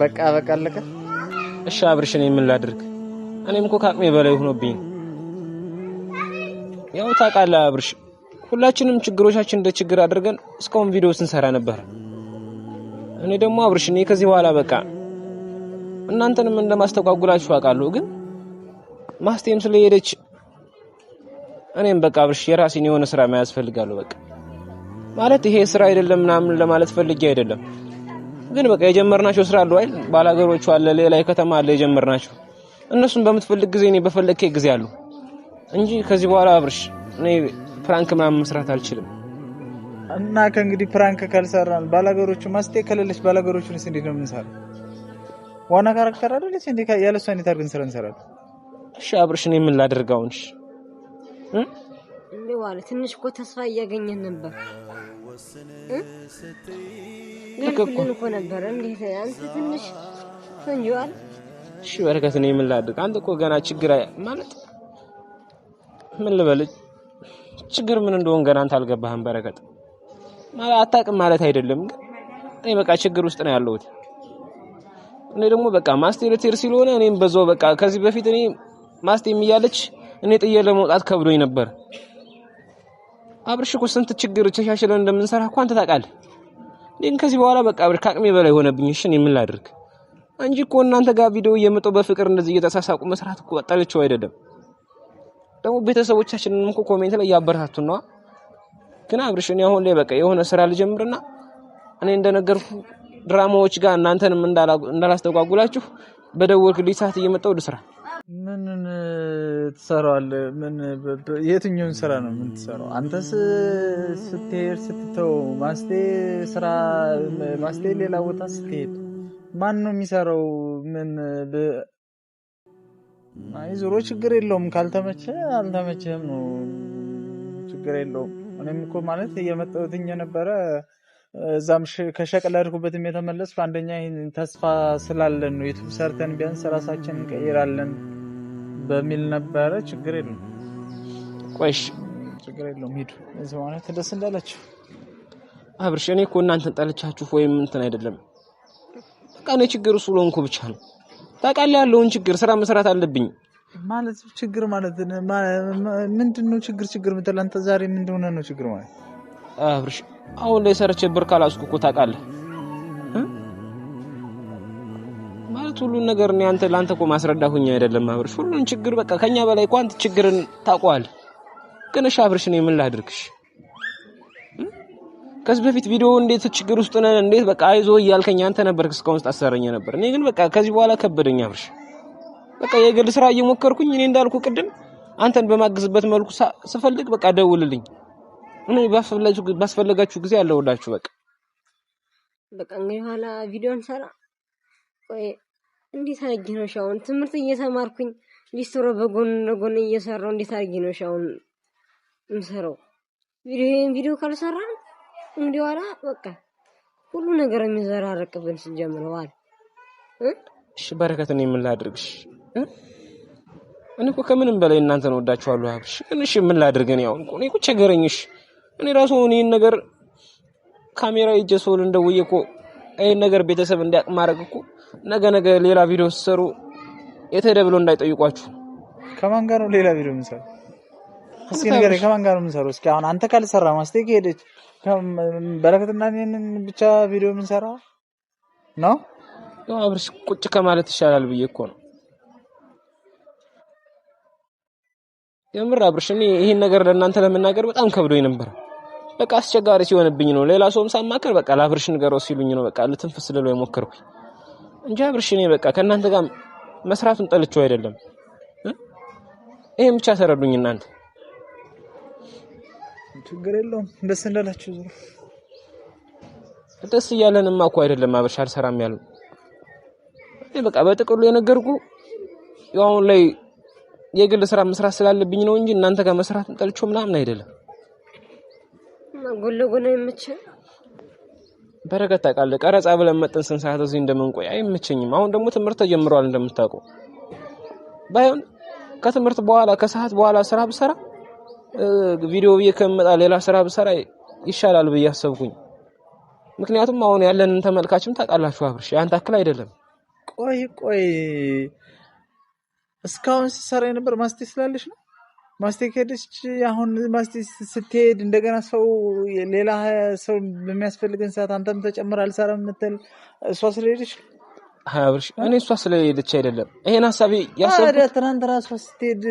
በቃ በቃ አለቀ። እሺ አብርሽ፣ እኔ ምን ላድርግ? እኔም እኮ ከአቅሜ በላይ ሆኖብኝ። ያው ታውቃለህ አብርሽ፣ ሁላችንም ችግሮቻችን እንደ ችግር አድርገን እስካሁን ቪዲዮ ስንሰራ ነበር። እኔ ደግሞ አብርሽ፣ እኔ ከዚህ በኋላ በቃ እናንተንም እንደማስተጓጉላችሁ አውቃለሁ፣ ግን ማስቴም ስለሄደች እኔም በቃ አብርሽ የራሴን የሆነ ስራ መያዝ ፈልጋለሁ። በቃ ማለት ይሄ ስራ አይደለም ምናምን ለማለት ፈልጌ አይደለም ግን በቃ የጀመርናቸው ስራ አሉ አይደል? ባላገሮቹ አለ፣ ሌላ ከተማ አለ የጀመርናቸው። እነሱን በምትፈልግ ጊዜ እኔ በፈለግከኝ ጊዜ አሉ እንጂ ከዚህ በኋላ አብርሽ እኔ ፕራንክ ምናምን መስራት አልችልም። እና ከእንግዲህ ፕራንክ ካልሰራን ባላገሮቹ ማስቴ ከሌለች ንስ እንዴት ነው የምንሰራው? ዋና ካራክተር አይደለች እንዴ? ያለሷ እንዴት አድርገን ስራ እንሰራለን? እሺ አብርሽ እኔ ምን ላደርጋውንሽ እንዴ? ዋለ ትንሽ እኮ ተስፋ እያገኘን ነበር ልልክልን እኮ ነበረ። እንዴት አንተ ትንሽ ፈንጆዋል። እሺ በረከት፣ እኔ ምን ላድርግ? አንተ እኮ ገና ችግር ማለት ምን ልበል፣ ችግር ምን እንደሆን ገና አንተ አልገባህም። በረከት ማለት አታውቅም ማለት አይደለም፣ ግን እኔ በቃ ችግር ውስጥ ነው ያለሁት። እኔ ደግሞ በቃ ማስቴር ስለሆነ እኔም በዛው በቃ ከዚህ በፊት እኔ ማስቴ እያለች እኔ ጥዬ ለመውጣት ከብዶኝ ነበር። አብርሽ እኮ ስንት ችግር ተሻሽለን እንደምንሰራ እኮ አንተ ታውቃለህ። ግን ከዚህ በኋላ በቃ ብር ከአቅሜ በላይ ሆነብኝ። እሺ እኔ ምን ላድርግ? እንጂ እኮ እናንተ ጋር ቪዲዮ እየመጣሁ በፍቅር እንደዚህ እየተሳሳቁ መስራት እኮ አጣለችው አይደለም። ደግሞ ቤተሰቦቻችንን እኮ ኮሜንት ላይ ያበረታቱ ነው። ግን አብርሽ እኔ አሁን ላይ በቃ የሆነ ስራ ልጀምርና እኔ እንደነገርኩ ድራማዎች ጋር እናንተንም እንዳላስተጓጉላችሁ በደወልክልኝ ሰዓት እየመጣሁ ልስራ። ምንን ትሰራዋል? ምን የትኛውን ስራ ነው የምትሰራው? አንተስ ስትሄድ ስትተው ማስቴ ስራ ማስቴ ሌላ ቦታ ስትሄድ ማን ነው የሚሰራው? ምን አይ ዞሮ ችግር የለውም ካልተመቸ አልተመቸም ነው ችግር የለውም። እኔም እኮ ማለት እየመጣሁትኝ የነበረ እዛም ከሸቅላ ሄድኩበትም የተመለስኩ አንደኛ ተስፋ ስላለን ነው። ዩቱብ ሰርተን ቢያንስ ራሳችን እንቀይራለን። በሚል ነበረ። ችግር የለም ቆይሽ፣ ችግር የለውም ሂዱ። እዚህ ማለት ደስ እንዳላችሁ አብርሽ። እኔ እኮ እናንተን ጠልቻችሁ ወይም እንትን አይደለም፣ በቃ እኔ ችግር እሱ ለሆንኩ ብቻ ነው። ታውቃለህ፣ ያለውን ችግር ስራ መስራት አለብኝ ማለት ችግር ማለት ምንድን ነው? ችግር ችግር ምትል አንተ ዛሬ ምን እንደሆነ ነው ችግር ማለት አብርሽ። አሁን ላይ ሰርቼ ብር ካላስኩ እኮ ታውቃለህ ማለት ሁሉን ነገር እኔ አንተ ለአንተ እኮ ማስረዳ ሁኝ አይደለም አብርሽ፣ ሁሉን ችግር በቃ ከኛ በላይ እኮ አንተ ችግርን ታውቀዋለህ። ግን እሺ አብርሽ፣ እኔ ምን ላድርግሽ? ከዚህ በፊት ቪዲዮ እንዴት ችግር ውስጥ ነን እንዴት በቃ አይዞ እያልከኝ አንተ ነበርክ እስካሁን ስታሰረኝ ነበር። እኔ ግን በቃ ከዚህ በኋላ ከበደኝ አብርሽ። በቃ የግል ስራ እየሞከርኩኝ እኔ እንዳልኩ ቅድም አንተን በማግዝበት መልኩ ስፈልግ በቃ ደውልልኝ። እኔ ባስፈለጋችሁ ጊዜ አለሁላችሁ። በቃ በቃ እንግዲህ ኋላ ቪዲዮ እንሰራ እንዴት አድርጌ ነው ሻውን ትምህርት እየተማርኩኝ ሊስትሮ በጎን ለጎን እየሰራው እንዴት አድርጌ ነው ሻውን የምሰራው? ቪዲዮ ቪዲዮ ካልሰራን እንግዲህ ኋላ በቃ ሁሉ ነገር የሚዘራረቅብን ስንጀምረዋል። እሺ በረከት፣ እኔ ምን ላድርግሽ? እኔ እኮ ከምንም በላይ እናንተን ወዳችኋለሁ። ሀብሽ ግን እሺ ምን ላድርግ? ያው አሁን እኔ እኮ ቸገረኝሽ። እኔ ራሱ ይህን ነገር ካሜራ ይጀ ሰው እኮ ይህን ነገር ቤተሰብ እንዲያቅ ማድረግ እኮ ነገ ነገ ሌላ ቪዲዮ ሲሰሩ የተደብሎ እንዳይጠይቋችሁ። ከማን ጋር ነው ሌላ ቪዲዮ የምንሰሩ እስኪ ንገረኝ፣ ከማን ጋር ነው የምንሰራው? እስኪ አሁን አንተ ካልሰራ ማስቴክ ሄደች በረከትና እኔን ብቻ ቪዲዮ የምንሰራ ነው? ያው አብርሽ ቁጭ ከማለት ይሻላል ብዬ እኮ ነው የምር። አብርሽ እኔ ይህን ነገር ለእናንተ ለመናገር በጣም ከብዶኝ ነበር። በቃ አስቸጋሪ ሲሆንብኝ ነው። ሌላ ሰውም ሳማከር በቃ ላብርሽ ንገረው ሲሉኝ ነው በቃ ልትንፍስ ልለው የሞከርኩኝ እንጂ አብርሽ እኔ በቃ ከእናንተ ጋር መስራቱን ጠልቼው አይደለም። ይሄን ብቻ ተረዱኝ እናንተ። ችግር የለውም ደስ እንዳላችሁ ዙሩ። ደስ እያለንማ እኮ አይደለም አብርሽ አልሰራም ያለው በቃ በጥቅሉ የነገርኩ ያው አሁን ላይ የግል ስራ መስራት ስላለብኝ ነው እንጂ እናንተ ጋር መስራት ጠልቼው ምናምን አይደለም። ጉልጉን የምችል በረከት ታውቃለህ። ቀረጻ ብለን መጠን ስንት ሰዓት እዚህ እንደምንቆይ አይመቸኝም። አሁን ደግሞ ትምህርት ተጀምሯል እንደምታውቀው። ባይሆን ከትምህርት በኋላ ከሰዓት በኋላ ስራ ብሰራ ቪዲዮ ብዬ ከምመጣ ሌላ ስራ ብሰራ ይሻላል ብዬ አሰብኩኝ። ምክንያቱም አሁን ያለንን ተመልካችም ታውቃላችሁ፣ አብርሽ አንተ አክል አይደለም። ቆይ ቆይ እስካሁን ሲሰራ የነበር ማስቴ ስላለሽ ነው ማስቴ ሄደች። አሁን ማስቴ ስትሄድ እንደገና ሰው ሌላ ሰው በሚያስፈልገን ሰዓት አንተም ተጨምር አልሰራም የምትል እሷ ስለሄደች ሀያ እኔ እሷ ስለሄደች አይደለም ይሄን ሀሳቤ ያሰብኩት። ትናንት እራሷ ስትሄድ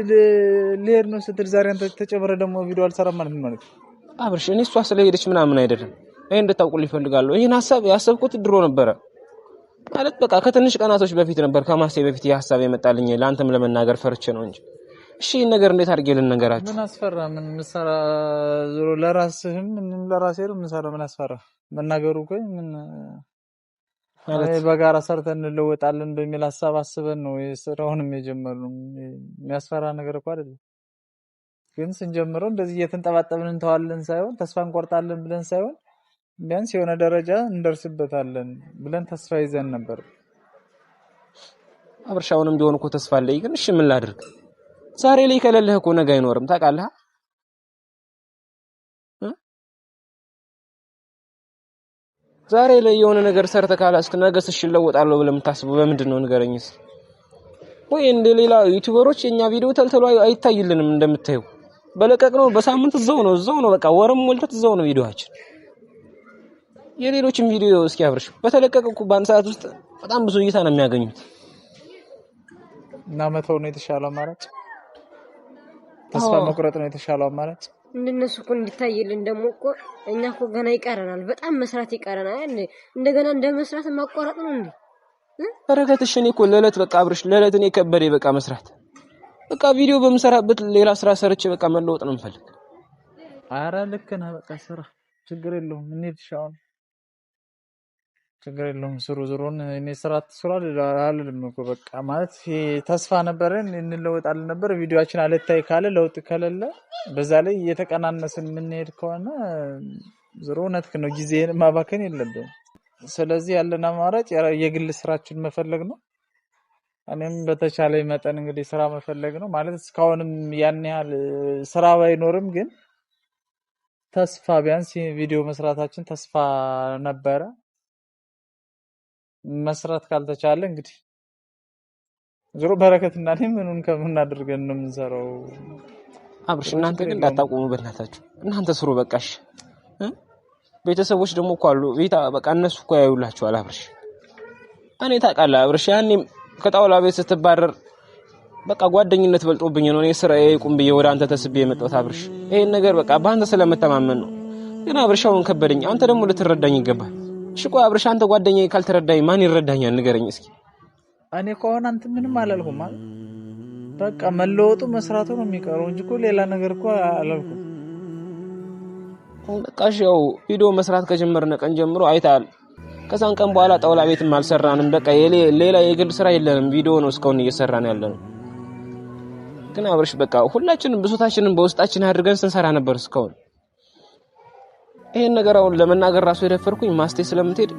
ልሄድ ነው ስትል ዛሬ አንተ ተጨምረ ደግሞ ቪዲዮ አልሰራም ማለት ማለት አብርሽ፣ እኔ እሷ ስለሄደች ምናምን አይደለም። ይሄ እንድታውቁልኝ ይፈልጋሉ። ይህን ሀሳብ ያሰብኩት ድሮ ነበረ ማለት በቃ ከትንሽ ቀናቶች በፊት ነበር። ከማስቴ በፊት ይህ ሀሳብ የመጣልኝ ለአንተም ለመናገር ፈርቼ ነው እንጂ እሺ ነገር እንዴት አድርጌ ልንገራችሁ? ምን አስፈራ? ምን ምሰራ? ዞሮ ለራስህም ምን ለራሴ ምሰራ? ምን አስፈራ? መናገሩ እኮ ምን ማለት በጋራ ሰርተን እንለወጣለን በሚል ሀሳብ አስበን ነው ስራውንም የጀመርነው። የሚያስፈራ ነገር እኮ አይደለም። ግን ስንጀምረው እንደዚህ እየተንጠባጠብን እንተዋለን ሳይሆን ተስፋ እንቆርጣለን ብለን ሳይሆን ቢያንስ የሆነ ደረጃ እንደርስበታለን ብለን ተስፋ ይዘን ነበር። አብርሻውንም ቢሆን እኮ ተስፋ አለኝ። ግን እሺ ምን ላድርግ? ዛሬ ላይ ከሌለህ እኮ ነገ አይኖርም ታውቃለህ። ዛሬ ላይ የሆነ ነገር ሰርተህ ካላስክ ነገስ እሺ እለወጣለሁ ብለህ የምታስበው በምንድን ነው? ንገረኝስ። ወይ እንደ ሌላ ዩቲዩበሮች የኛ ቪዲዮ ተልተሎ አይታይልንም። እንደምታዩ በለቀቅ ነው በሳምንት እዛው ነው እዛው ነው በቃ ወርም ሞልቶት እዛው ነው ቪዲዮአችን። የሌሎችን ቪዲዮ እስኪ አብርሽ በተለቀቀ እኮ በአንድ ሰዓት ውስጥ በጣም ብዙ እይታ ነው የሚያገኙት እና መተው ነው የተሻለ አማራጭ። ተስፋ መቁረጥ ነው የተሻለው አማራጭ። እንደነሱ እኮ እንዲታይልን ደግሞ እኮ እኛ እኮ ገና ይቀረናል፣ በጣም መስራት ይቀረናል። እንደገና እንደ መስራት ማቋረጥ ነው እንዴ? በረከትሽ፣ እኔ እኮ ለዕለት በቃ አብርሽ፣ ለዕለት እኔ ከበደ በቃ መስራት በቃ ቪዲዮ በምሰራበት ሌላ ስራ ሰርቼ በቃ መለወጥ ነው የምፈልግ። አረ ልክ ነህ፣ በቃ ስራ ችግር የለውም። እንሂድ ሻውን ችግር የለውም። ስሩ ዝሩን እኔ ስራ አትስሩ አልልም እኮ በቃ ማለት ተስፋ ነበረን እንለወጣል ነበር። ቪዲዮችን አለታይ ካለ ለውጥ ከሌለ በዛ ላይ እየተቀናነስን የምንሄድ ከሆነ ዝሮ እውነትህን ነው። ጊዜ ማባከን የለብም። ስለዚህ ያለን አማራጭ የግል ስራችን መፈለግ ነው። እኔም በተቻለ መጠን እንግዲህ ስራ መፈለግ ነው ማለት እስካሁንም ያን ያህል ስራ ባይኖርም ግን ተስፋ ቢያንስ ቪዲዮ መስራታችን ተስፋ ነበረ። መስራት ካልተቻለ እንግዲህ ዞሮ በረከት እና እኔ ምኑን ከምን አድርገን ነው የምንሰራው? አብርሽ እናንተ ግን እንዳታቆሙ በእናታችሁ እናንተ ስሩ በቃሽ። ቤተሰቦች ደግሞ እኮ አሉ ቤታ በቃ እነሱ እኮ ያዩላችኋል። አብርሽ እኔ ታውቃለህ አብርሽ ያኔም ከጣውላ ቤት ስትባረር በቃ ጓደኝነት በልጦብኝ ነው እኔ ስራ ይቁም ብዬ ወደ አንተ ተስቤ የመጣሁት አብርሽ። ይሄን ነገር በቃ በአንተ ስለመተማመን ነው። ግን አብርሽ አሁን ከበደኝ። አንተ ደግሞ ልትረዳኝ ይገባል። ሽቆ ቆይ አብርሽ አንተ ጓደኛዬ ካልተረዳኝ ማን ይረዳኛል? ንገረኝ እስኪ። እኔ ከሆነ አንተ ምንም አላልኩም። በቃ መለወጡ መስራቱ ነው የሚቀረው እንጂ እኮ ሌላ ነገር እኮ አላልኩም። በቃ ያው ቪዲዮ መስራት ከጀመርን ቀን ጀምሮ አይተሃል። ከዛን ቀን በኋላ ጣውላ ቤትም አልሰራንም። በቃ ሌላ የግል ስራ የለንም። ቪዲዮ ነው እስካሁን እየሰራን ያለነው። ግን አብርሽ በቃ ሁላችንም ብሶታችንን በውስጣችን አድርገን ስንሰራ ነበር እስካሁን ይሄን ነገር አሁን ለመናገር ራሱ የደፈርኩኝ ማስቴ ስለምትሄድ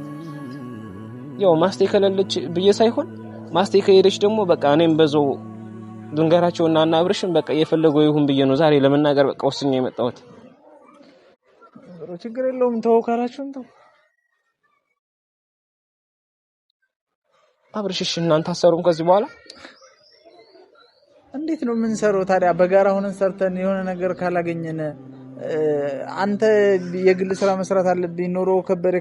ያው ማስቴ ከሌለች ብዬ ሳይሆን ማስቴ ከሄደች ደግሞ በቃ እኔም በዛው ድንገራቸውና እና አብርሽም በቃ የፈለገው ይሁን ብዬ ነው ዛሬ ለመናገር በቃ ወስኛ የመጣሁት። ችግር የለውም ተው ካላችሁም ተው። አብርሽ እሺ፣ እናንተ አሰሩም ከዚህ በኋላ እንዴት ነው የምንሰራው ታዲያ? በጋራ ሆነን ሰርተን የሆነ ነገር ካላገኘን አንተ የግል ስራ መስራት አለብኝ ኖሮ ከበደ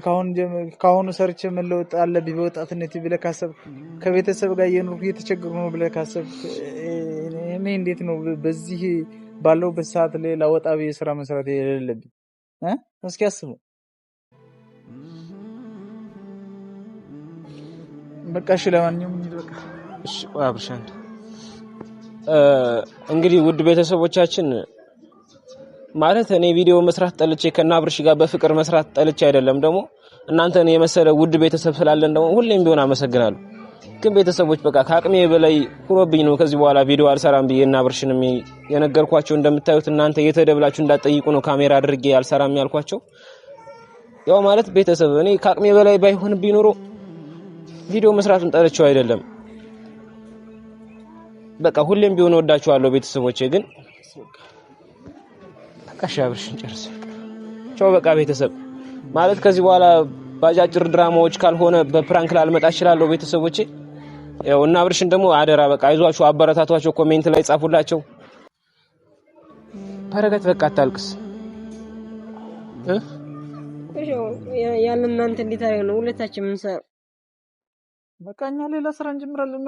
ከአሁኑ ሰርቼ መለወጥ አለብኝ በወጣትነት ብለህ ካሰብክ ከቤተሰብ ጋር እየኖርኩ እየተቸገሩ ነው ብለህ ካሰብክ እኔ እንዴት ነው በዚህ ባለውበት ሰዓት ላይ ላወጣ ብዬ ስራ መስራት የሌለብኝ? እስኪ አስበው። በቃ እሺ፣ ለማንኛውም እንግዲህ ውድ ቤተሰቦቻችን ማለት እኔ ቪዲዮ መስራት ጠልቼ ከና ጋር በፍቅር መስራት ጠልቼ አይደለም። ደግሞ እናንተን የመሰለ ውድ ቤተሰብ ስላለን ደግሞ ሁሌም ቢሆን አመሰግናለሁ። ግን ቤተሰቦች በቃ ከአቅሜ በላይ ሁኖብኝ ነው ከዚህ በኋላ ቪዲዮ አልሰራም ብዬ እና የነገርኳቸው እንደምታዩት እናንተ እየተደብላችሁ እንዳትጠይቁ ነው ካሜራ አድርጌ አልሰራም ያልኳቸው። ያው ማለት ቤተሰብ እኔ ከአቅሜ በላይ ባይሆንብኝ ኖሮ ቪዲዮ መስራቱን ጠልቼው አይደለም። በቃ ሁሌም ቢሆን ወዳችኋለሁ ቤተሰቦቼ ግን ጋሽ አብርሽ እንጨርስ። ቻው፣ በቃ ቤተሰብ ማለት ከዚህ በኋላ ባጫጭር ድራማዎች ካልሆነ በፕራንክ ላልመጣ እችላለሁ። ቤተሰቦቼ ያው እና አብርሽን ደግሞ አደራ በቃ ይዟቸው አበረታቷቸው፣ ኮሜንት ላይ ጻፉላቸው። በረከት በቃ አታልቅስ። ያለ እናንተ እንዴት አድርገን ነው ሁለታችን የምንሰራው? በቃ እኛ ሌላ ስራ እንጀምራለን።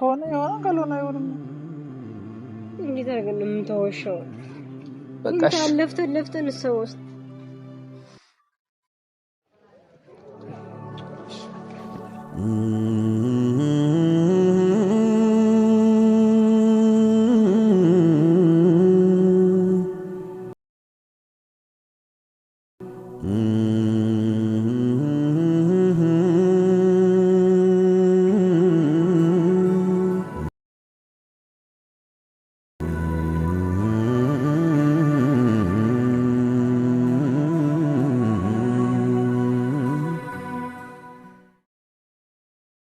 ከሆነ የሆነ ካልሆነ አይሆንም። እንዴት አድርገን ነው በቃሽ። ለፍተን ለፍተን ሰው ውስጥ Mm-hmm.